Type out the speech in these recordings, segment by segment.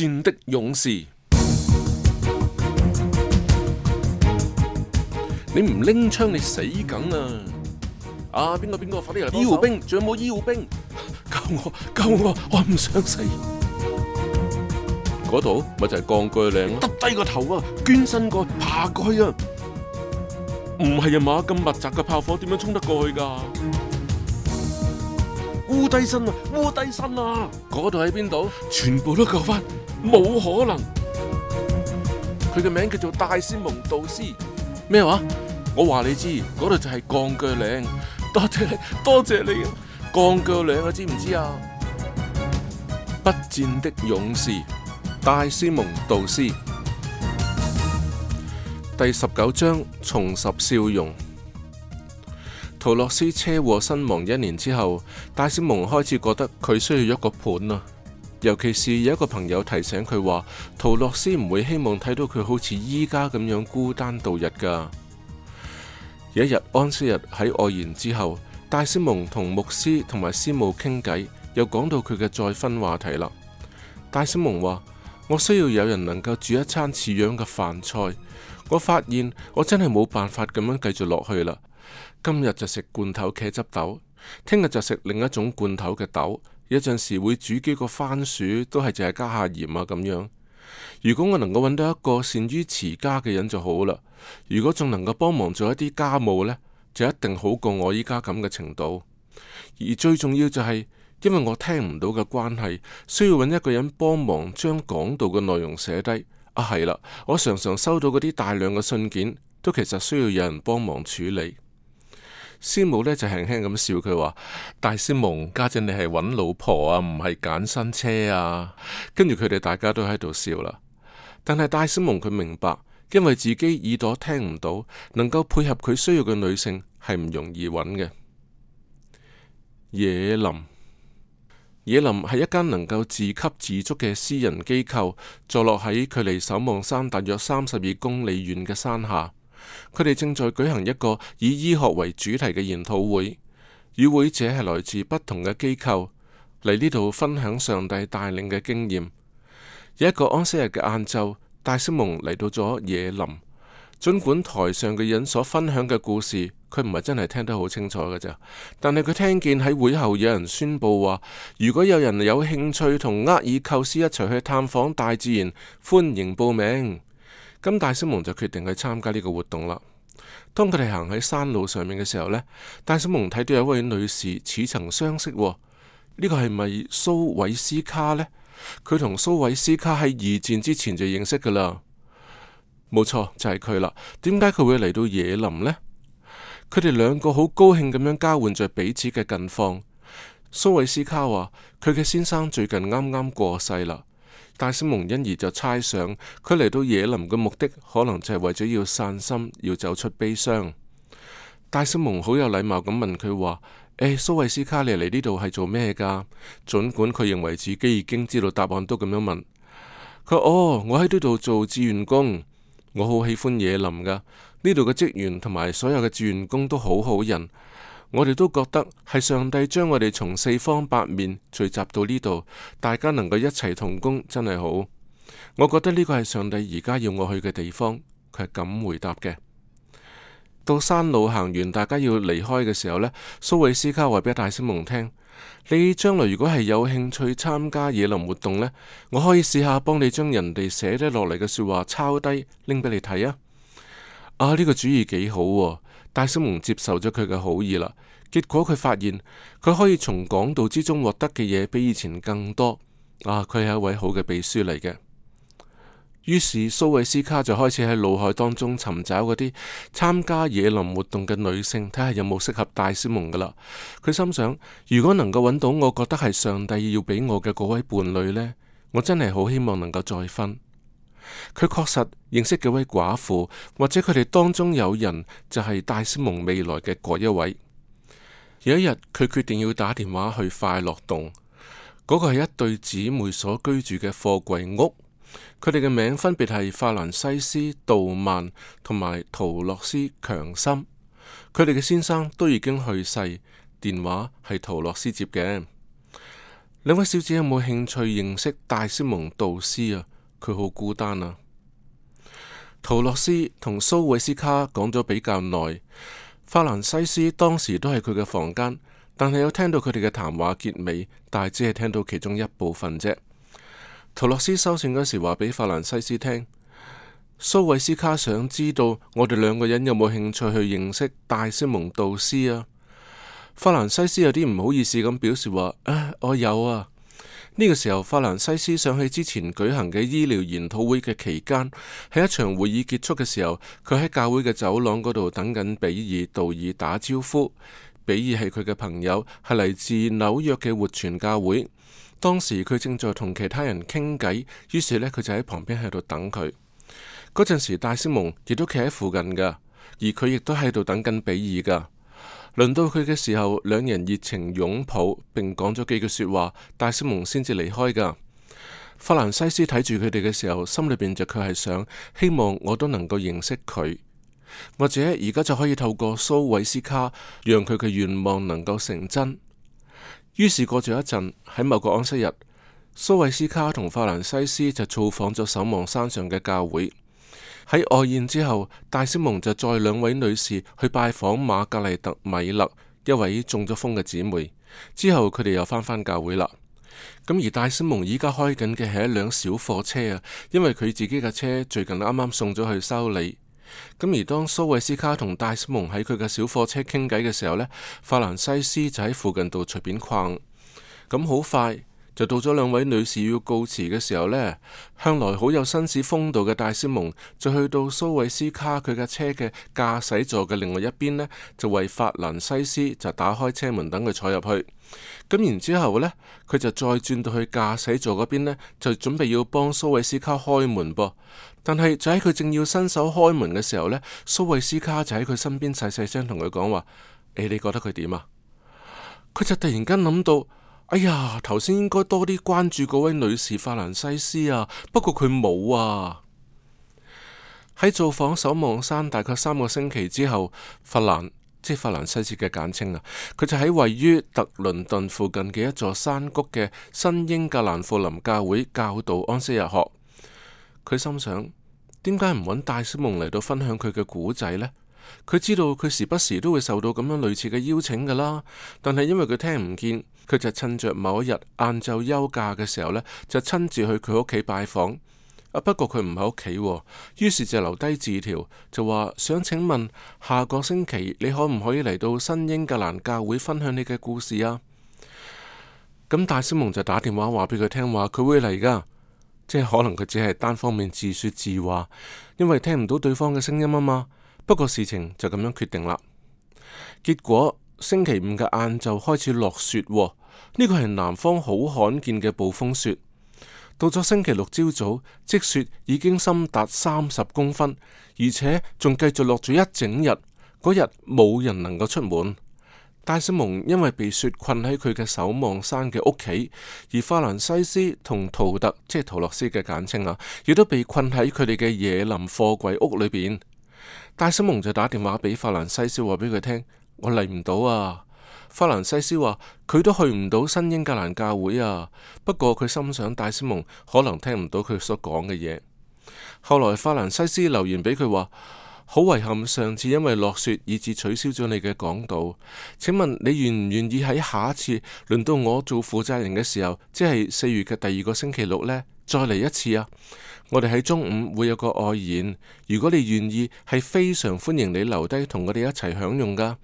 戰的勇士，你唔拎槍你死梗啊！啊，邊個邊個，快啲嚟！醫護兵，仲有冇醫護兵？救我救我，我唔想死！嗰度咪就係鋼鋸嶺。耷低個頭啊，捐身過爬過去啊！唔係啊嘛，咁密集嘅炮火點樣衝得過去㗎烏低身啊，烏低身啊！嗰度喺邊度？全部都救翻，冇可能！佢嘅名叫做戴斯蒙杜斯，咩話？我話你知，嗰度就係鋼鋸嶺。多謝你，多謝你啊！鋼鋸嶺啊，知唔知啊？不戰的勇士，戴斯蒙杜斯，第十九章重拾笑容。陶洛斯車禍身亡一年之後，戴斯蒙開始覺得佢需要一個伴啦。尤其是有一個朋友提醒佢話，陶洛斯唔會希望睇到佢好似依家咁樣孤單度日噶。有一日安息日喺外延之後，戴斯蒙同牧師同埋師母傾偈，又講到佢嘅再婚話題啦。戴斯蒙話：我需要有人能夠煮一餐似樣嘅飯菜。我發現我真係冇辦法咁樣繼續落去啦。今日就食罐頭茄汁豆，聽日就食另一種罐頭嘅豆，有陣時會煮幾個番薯，都係淨係加下鹽啊咁樣。如果我能夠搵到一個善於持家嘅人就好啦。如果仲能夠幫忙做一啲家務呢，就一定好過我依家咁嘅程度。而最重要就係，因為我聽唔到嘅關係，需要搵一個人幫忙將講道嘅內容寫低啊。係啦，我常常收到嗰啲大量嘅信件，都其實需要有人幫忙處理。師母呢就輕輕咁笑佢話：戴斯蒙，家陣你係揾老婆啊，唔係揀新車啊。跟住佢哋大家都喺度笑啦。但係戴斯蒙佢明白，因為自己耳朵聽唔到，能夠配合佢需要嘅女性係唔容易揾嘅。野林，野林係一間能夠自給自足嘅私人機構，坐落喺距離守望山大約三十二公里遠嘅山下。佢哋正在舉行一個以醫學為主題嘅研討會，與會者係來自不同嘅機構嚟呢度分享上帝帶領嘅經驗。有一個安息日嘅晏晝，戴斯蒙嚟到咗野林，盡管台上嘅人所分享嘅故事，佢唔係真係聽得好清楚㗎咋，但係佢聽見喺會後有人宣布話，如果有人有興趣同厄爾寇斯一齊去探訪大自然，歡迎報名。咁戴斯蒙就決定去參加呢個活動啦。當佢哋行喺山路上面嘅時候呢，戴斯蒙睇到有位女士似曾相識，哦，呢、這個係咪蘇維斯卡呢？佢同蘇維斯卡喺二戰之前就認識噶啦，冇錯就係佢啦。點解佢會嚟到野林呢？佢哋兩個好高興咁樣交換着彼此嘅近況。蘇維斯卡話：佢嘅先生最近啱啱過世啦。戴斯蒙因而就猜想，佢嚟到野林嘅目的可能就係為咗要散心，要走出悲傷。戴斯蒙好有禮貌咁問佢話：誒、欸，蘇維斯卡利嚟呢度係做咩噶儘管佢認為自己已經知道答案，都咁樣問佢話。哦，我喺呢度做志願工，我好喜歡野林噶呢度嘅職員同埋所有嘅志願工都好好人。我哋都覺得係上帝將我哋從四方八面聚集到呢度，大家能夠一齊同工，真係好。我覺得呢個係上帝而家要我去嘅地方。佢係咁回答嘅。到山路行完，大家要離開嘅時候呢，蘇維斯卡話俾戴斯蒙聽：你將來如果係有興趣參加野林活動呢，我可以試下幫你將人哋寫咗落嚟嘅說話抄低，拎俾你睇啊！啊，呢個主意幾好啊。戴斯蒙接受咗佢嘅好意啦，結果佢發現佢可以從講道之中獲得嘅嘢，比以前更多。啊，佢係一位好嘅秘書嚟嘅。於是蘇維斯卡就開始喺腦海當中尋找嗰啲參加野林活動嘅女性，睇下有冇適合戴斯蒙噶啦。佢心想，如果能夠揾到我覺得係上帝要俾我嘅嗰位伴侶呢，我真係好希望能夠再婚。佢確實認識幾位寡婦，或者佢哋當中有人就係、是、戴斯蒙未來嘅嗰一位。有一日，佢決定要打電話去快樂洞，嗰、那個係一對姊妹所居住嘅貨櫃屋。佢哋嘅名分別係法蘭西斯、杜曼同埋陶洛斯強森。佢哋嘅先生都已經去世，電話係陶洛斯接嘅。兩位小姐有冇興趣認識戴斯蒙杜斯啊？佢好孤單啊！陶洛斯同蘇維斯卡講咗比較耐，法蘭西斯當時都係佢嘅房間，但係有聽到佢哋嘅談話結尾，但係只係聽到其中一部分啫。陶洛斯收線嗰時話俾法蘭西斯聽，蘇維斯卡想知道我哋兩個人有冇興趣去認識戴斯蒙導師啊？法蘭西斯有啲唔好意思咁表示話啊，我有啊。呢個時候，法蘭西斯上去之前舉行嘅醫療研討會嘅期間，喺一場會議結束嘅時候，佢喺教會嘅走廊嗰度等緊比爾道爾打招呼。比爾係佢嘅朋友，係嚟自紐約嘅活泉教會。當時佢正在同其他人傾偈，於是呢，佢就喺旁邊喺度等佢。嗰陣時，戴斯蒙亦都企喺附近噶，而佢亦都喺度等緊比爾噶。輪到佢嘅時候，兩人熱情擁抱，並講咗幾句說話，戴斯蒙先至離開噶。法蘭西斯睇住佢哋嘅時候，心裏邊就卻係想，希望我都能夠認識佢，或者而家就可以透過蘇維斯卡，讓佢嘅願望能夠成真。於是過咗一陣，喺某個安息日，蘇維斯卡同法蘭西斯就造訪咗守望山上嘅教會。喺外宴之後，戴斯蒙就載兩位女士去拜訪瑪格麗特米勒，一位中咗風嘅姊妹。之後佢哋又返返教會啦。咁而戴斯蒙依家開緊嘅係一輛小貨車啊，因為佢自己嘅車最近啱啱送咗去修理。咁而當蘇維斯卡同戴斯蒙喺佢嘅小貨車傾偈嘅時候呢，法蘭西斯就喺附近度隨便逛。咁好快，就到咗兩位女士要告辭嘅時候呢，向來好有紳士風度嘅戴斯蒙，就去到蘇維斯卡佢架車嘅駕駛座嘅另外一邊呢，就為法蘭西斯就打開車門等佢坐入去。咁然之後呢，佢就再轉到去駕駛座嗰邊呢，就準備要幫蘇維斯卡開門噃。但係就喺佢正要伸手開門嘅時候呢，蘇維斯卡就喺佢身邊細細聲同佢講話：誒，hey，你覺得佢點啊？佢就突然間諗到。哎呀，頭先應該多啲關注嗰位女士法蘭西斯啊，不過佢冇啊。喺造訪守望山大概三個星期之後，法蘭即係法蘭西斯嘅簡稱啊，佢就喺位於特倫頓附近嘅一座山谷嘅新英格蘭富林教會教導安息日學。佢心想，「點解唔揾戴斯蒙嚟到分享佢嘅古仔呢？」佢知道佢時不時都會受到咁樣類似嘅邀請噶啦，但係因為佢聽唔見。佢就趁著某一日晏晝休假嘅時候呢，就親自去佢屋企拜訪。啊，不過佢唔喺屋企，於是就留低字條，就話想請問下個星期你可唔可以嚟到新英格蘭教會分享你嘅故事啊？咁戴斯蒙就打電話話俾佢聽話，佢會嚟噶。即係可能佢只係單方面自說自話，因為聽唔到對方嘅聲音啊嘛。不過事情就咁樣決定啦。結果。星期五嘅晏晝開始落雪，哦，呢個係南方好罕見嘅暴風雪。到咗星期六朝早，積雪已經深達三十公分，而且仲繼續落咗一整日。嗰日冇人能夠出門。戴斯蒙因為被雪困喺佢嘅守望山嘅屋企，而法蘭西斯同圖特，即係圖洛斯嘅簡稱啊，亦都被困喺佢哋嘅野林貨櫃屋裏邊。戴斯蒙就打電話俾法蘭西斯，話俾佢聽。我嚟唔到啊！法蘭西斯話佢都去唔到新英格蘭教會啊。不過佢心想戴斯蒙可能聽唔到佢所講嘅嘢。後來法蘭西斯留言俾佢話：好遺憾上次因為落雪以致取消咗你嘅講道。請問你願唔願意喺下一次輪到我做負責人嘅時候，即係四月嘅第二個星期六呢？再嚟一次啊！我哋喺中午會有個外演，如果你願意，係非常歡迎你留低同我哋一齊享用噶。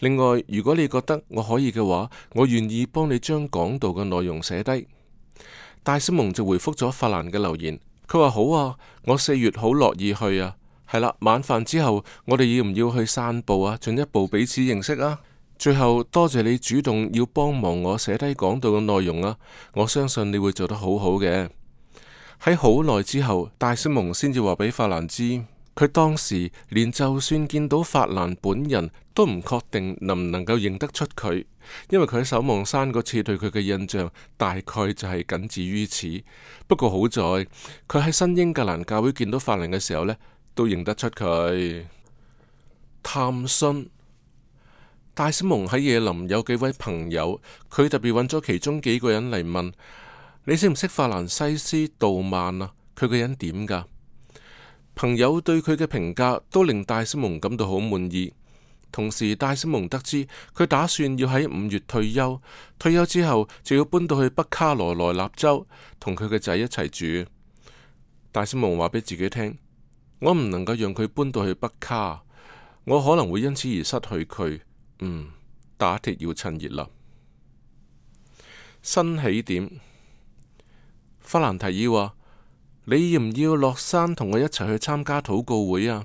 另外，如果你覺得我可以嘅話，我願意幫你將講道嘅內容寫低。戴斯蒙就回覆咗法蘭嘅留言，佢話好啊，我四月好樂意去啊。係啦，晚飯之後我哋要唔要去散步啊？進一步彼此認識啊。最後多謝你主動要幫忙我寫低講道嘅內容啊。我相信你會做得好好嘅。喺好耐之後，戴斯蒙先至話俾法蘭知，佢當時連就算見到法蘭本人都唔確定能唔能夠認得出佢，因為佢喺守望山嗰次對佢嘅印象大概就係僅止於此。不過好在佢喺新英格蘭教會見到法蘭嘅時候呢，都認得出佢。探詢戴斯蒙喺野林有幾位朋友，佢特別揾咗其中幾個人嚟問。你識唔識法蘭西斯杜曼啊？佢個人點噶？朋友對佢嘅評價都令戴斯蒙感到好滿意。同時，戴斯蒙得知佢打算要喺五月退休，退休之後就要搬到去北卡羅來納州同佢嘅仔一齊住。戴斯蒙話俾自己聽，我唔能夠讓佢搬到去北卡，我可能會因此而失去佢。嗯，打鐵要趁熱啦。新起點。法蘭提議話：你要唔要落山同我一齊去參加禱告會啊？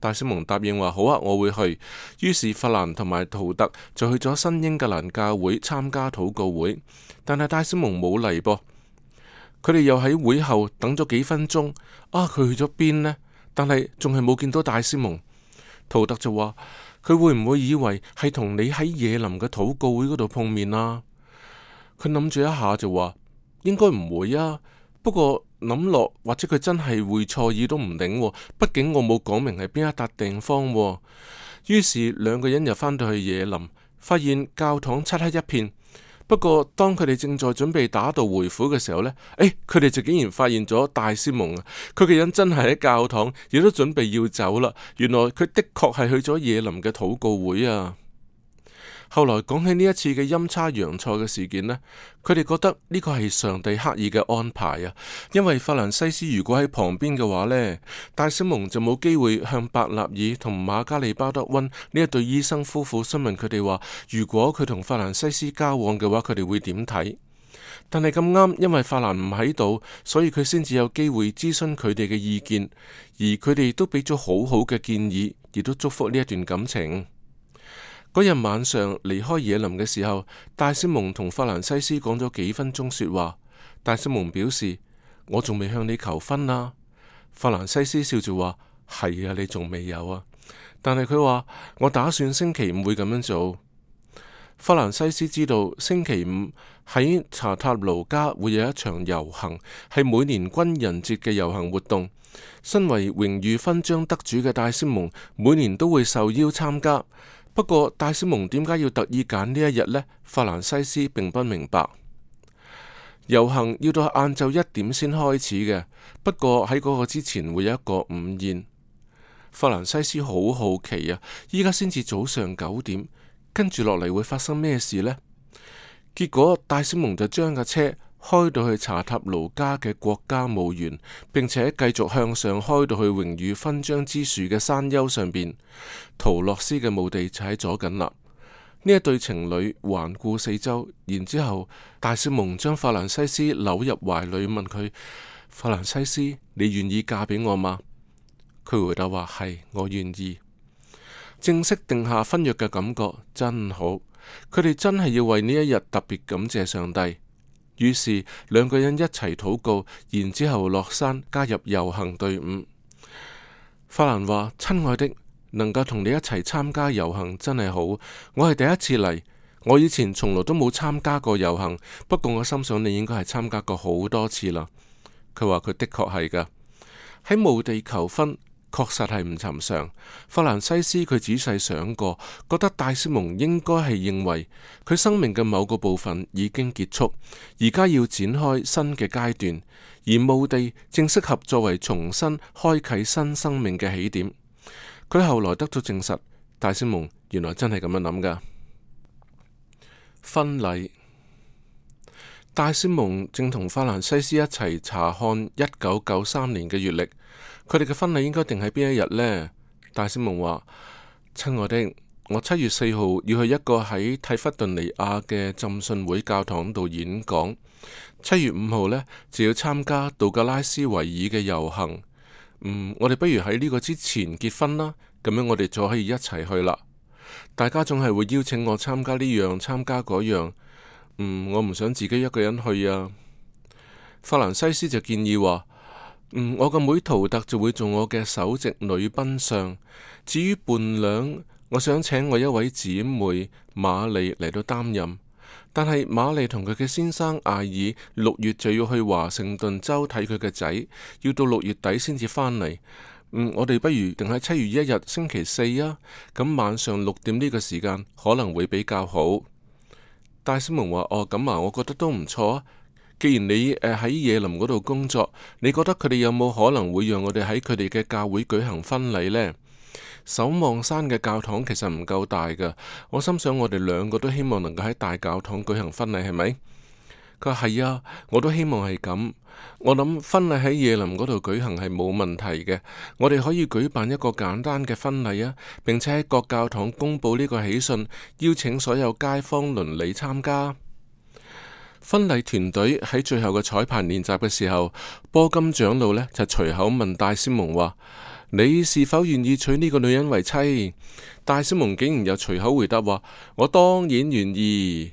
戴斯蒙答應話：好啊，我會去。於是法蘭同埋陶特就去咗新英格蘭教會參加禱告會，但係戴斯蒙冇嚟噃。佢哋又喺會後等咗幾分鐘，啊，佢去咗邊呢？但係仲係冇見到戴斯蒙。陶特就話：佢會唔會以為係同你喺野林嘅禱告會嗰度碰面啊？佢諗住一下就話。應該唔會啊，不過諗落或者佢真係會錯意都唔定啊，畢竟我冇講明係邊一笪地方啊。於是兩個人又返到去野林，發現教堂漆黑一片。不過當佢哋正在準備打道回府嘅時候呢，誒，哎，佢哋就竟然發現咗戴斯蒙啊，佢嘅人真係喺教堂，亦都準備要走啦。原來佢的確係去咗野林嘅禱告會啊。後來講起呢一次嘅陰差陽錯嘅事件呢，佢哋覺得呢個係上帝刻意嘅安排啊！因為法蘭西斯如果喺旁邊嘅話呢，戴斯蒙就冇機會向伯納爾同瑪加利鮑德溫呢一對醫生夫婦詢問佢哋話，如果佢同法蘭西斯交往嘅話，佢哋會點睇？但係咁啱，因為法蘭唔喺度，所以佢先至有機會諮詢佢哋嘅意見，而佢哋都俾咗好好嘅建議，亦都祝福呢一段感情。嗰日晚上離開野林嘅時候，戴斯蒙同法蘭西斯講咗幾分鐘說話。戴斯蒙表示：我仲未向你求婚啊。法蘭西斯笑住話：係啊，你仲未有啊。但係佢話我打算星期五會咁樣做。法蘭西斯知道星期五喺查塔盧家會有一場遊行，係每年軍人節嘅遊行活動。身為榮譽勳章得主嘅戴斯蒙，每年都會受邀參加。不過戴斯蒙點解要特意揀呢一日呢？法蘭西斯並不明白。遊行要到晏晝一點先開始嘅，不過喺嗰個之前會有一個午宴。法蘭西斯好好奇啊！依家，先至早上九點，跟住落嚟會發生咩事呢？結果戴斯蒙就將架車。開到去查塔盧家嘅國家墓園，並且繼續向上開到去榮譽勳章之樹嘅山丘上邊，陶洛斯嘅墓地就喺左近啦。呢一對情侶環顧四周，然之後戴斯蒙將法蘭西斯摟入懷裏問，問佢：法蘭西斯，你願意嫁俾我嗎？佢回答話：係，我願意。正式定下婚約嘅感覺真好，佢哋真係要為呢一日特別感謝上帝。於是兩個人一齊禱告，然之後落山加入遊行隊伍。法蘭話：親愛的，能夠同你一齊參加遊行真係好。我係第一次嚟，我以前從來都冇參加過遊行。不過我心想你應該係參加過好多次啦。佢話佢的確係噶，喺墓地求婚。確實係唔尋常。法蘭西斯佢仔細想過，覺得戴斯蒙應該係認為佢生命嘅某個部分已經結束，而家要展開新嘅階段，而墓地正適合作為重新開啟新生命嘅起點。佢後來得到證實，戴斯蒙原來真係咁樣諗㗎。婚禮，戴斯蒙正同法蘭西斯一齊查看一九九三年嘅月曆。佢哋嘅婚禮應該定喺邊一日呢？戴斯蒙話：親愛的，我七月四號要去一個喺泰弗頓尼亞嘅浸信會教堂度演講，七月五號呢，就要參加杜格拉斯維爾嘅遊行。嗯，我哋不如喺呢個之前結婚啦，咁樣我哋就可以一齊去啦。大家總係會邀請我參加呢樣參加嗰樣。嗯，我唔想自己一個人去啊。法蘭西斯就建議話。嗯，我嘅妹陶特就會做我嘅首席女賓相。至於伴娘，我想請我一位姊妹馬麗嚟到擔任。但係馬麗同佢嘅先生艾爾六月就要去華盛頓州睇佢嘅仔，要到六月底先至翻嚟。嗯，我哋不如定喺七月一日星期四啊。咁晚上六點呢個時間可能會比較好。戴斯蒙話，哦，咁啊，我覺得都唔錯啊。既然你誒喺野林嗰度工作，你覺得佢哋有冇可能會讓我哋喺佢哋嘅教會舉行婚禮呢？守望山嘅教堂其實唔夠大噶，我心想我哋兩個都希望能夠喺大教堂舉行婚禮，係咪？佢話係啊，我都希望係咁。我諗婚禮喺野林嗰度舉行係冇問題嘅，我哋可以舉辦一個簡單嘅婚禮啊，並且喺各教堂公布呢個喜訊，邀請所有街坊鄰里參加。婚禮團隊喺最後嘅彩排練習嘅時候，波金長老呢就隨口問戴斯蒙話：你是否願意娶呢個女人為妻？戴斯蒙竟然又隨口回答話：我當然願意。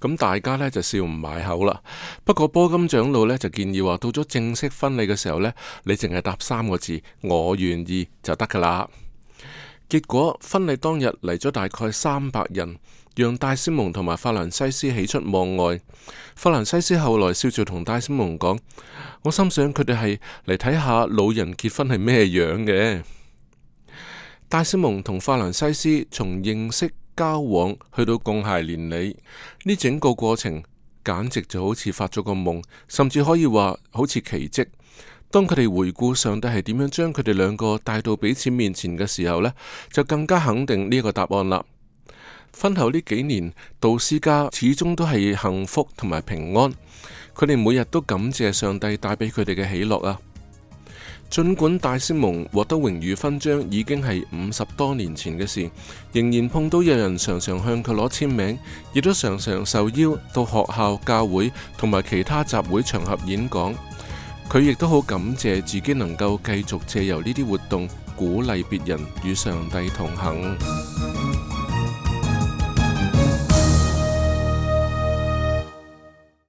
咁、嗯、大家呢就笑唔埋口啦。不過波金長老呢就建議話：到咗正式婚禮嘅時候呢，你淨係答三個字：我願意就得噶啦。結果婚禮當日嚟咗大概三百人，讓戴斯蒙同埋法蘭西斯喜出望外。法蘭西斯後來笑住同戴斯蒙講：我心想佢哋係嚟睇下老人結婚係咩樣嘅。戴斯蒙同法蘭西斯從認識交往去到共諧連理，呢整個過程簡直就好似發咗個夢，甚至可以話好似奇迹。當佢哋回顧上帝係點樣將佢哋兩個帶到彼此面前嘅時候呢，就更加肯定呢個答案啦。婚後呢幾年，杜斯家始終都係幸福同埋平安，佢哋每日都感謝上帝帶俾佢哋嘅喜樂啊。盡管戴斯蒙獲得榮譽勳章已經係五十多年前嘅事，仍然碰到有人常常向佢攞簽名，亦都常常受邀到學校、教會同埋其他集會場合演講。佢亦都好感謝自己能夠繼續借由呢啲活動鼓勵別人與上帝同行。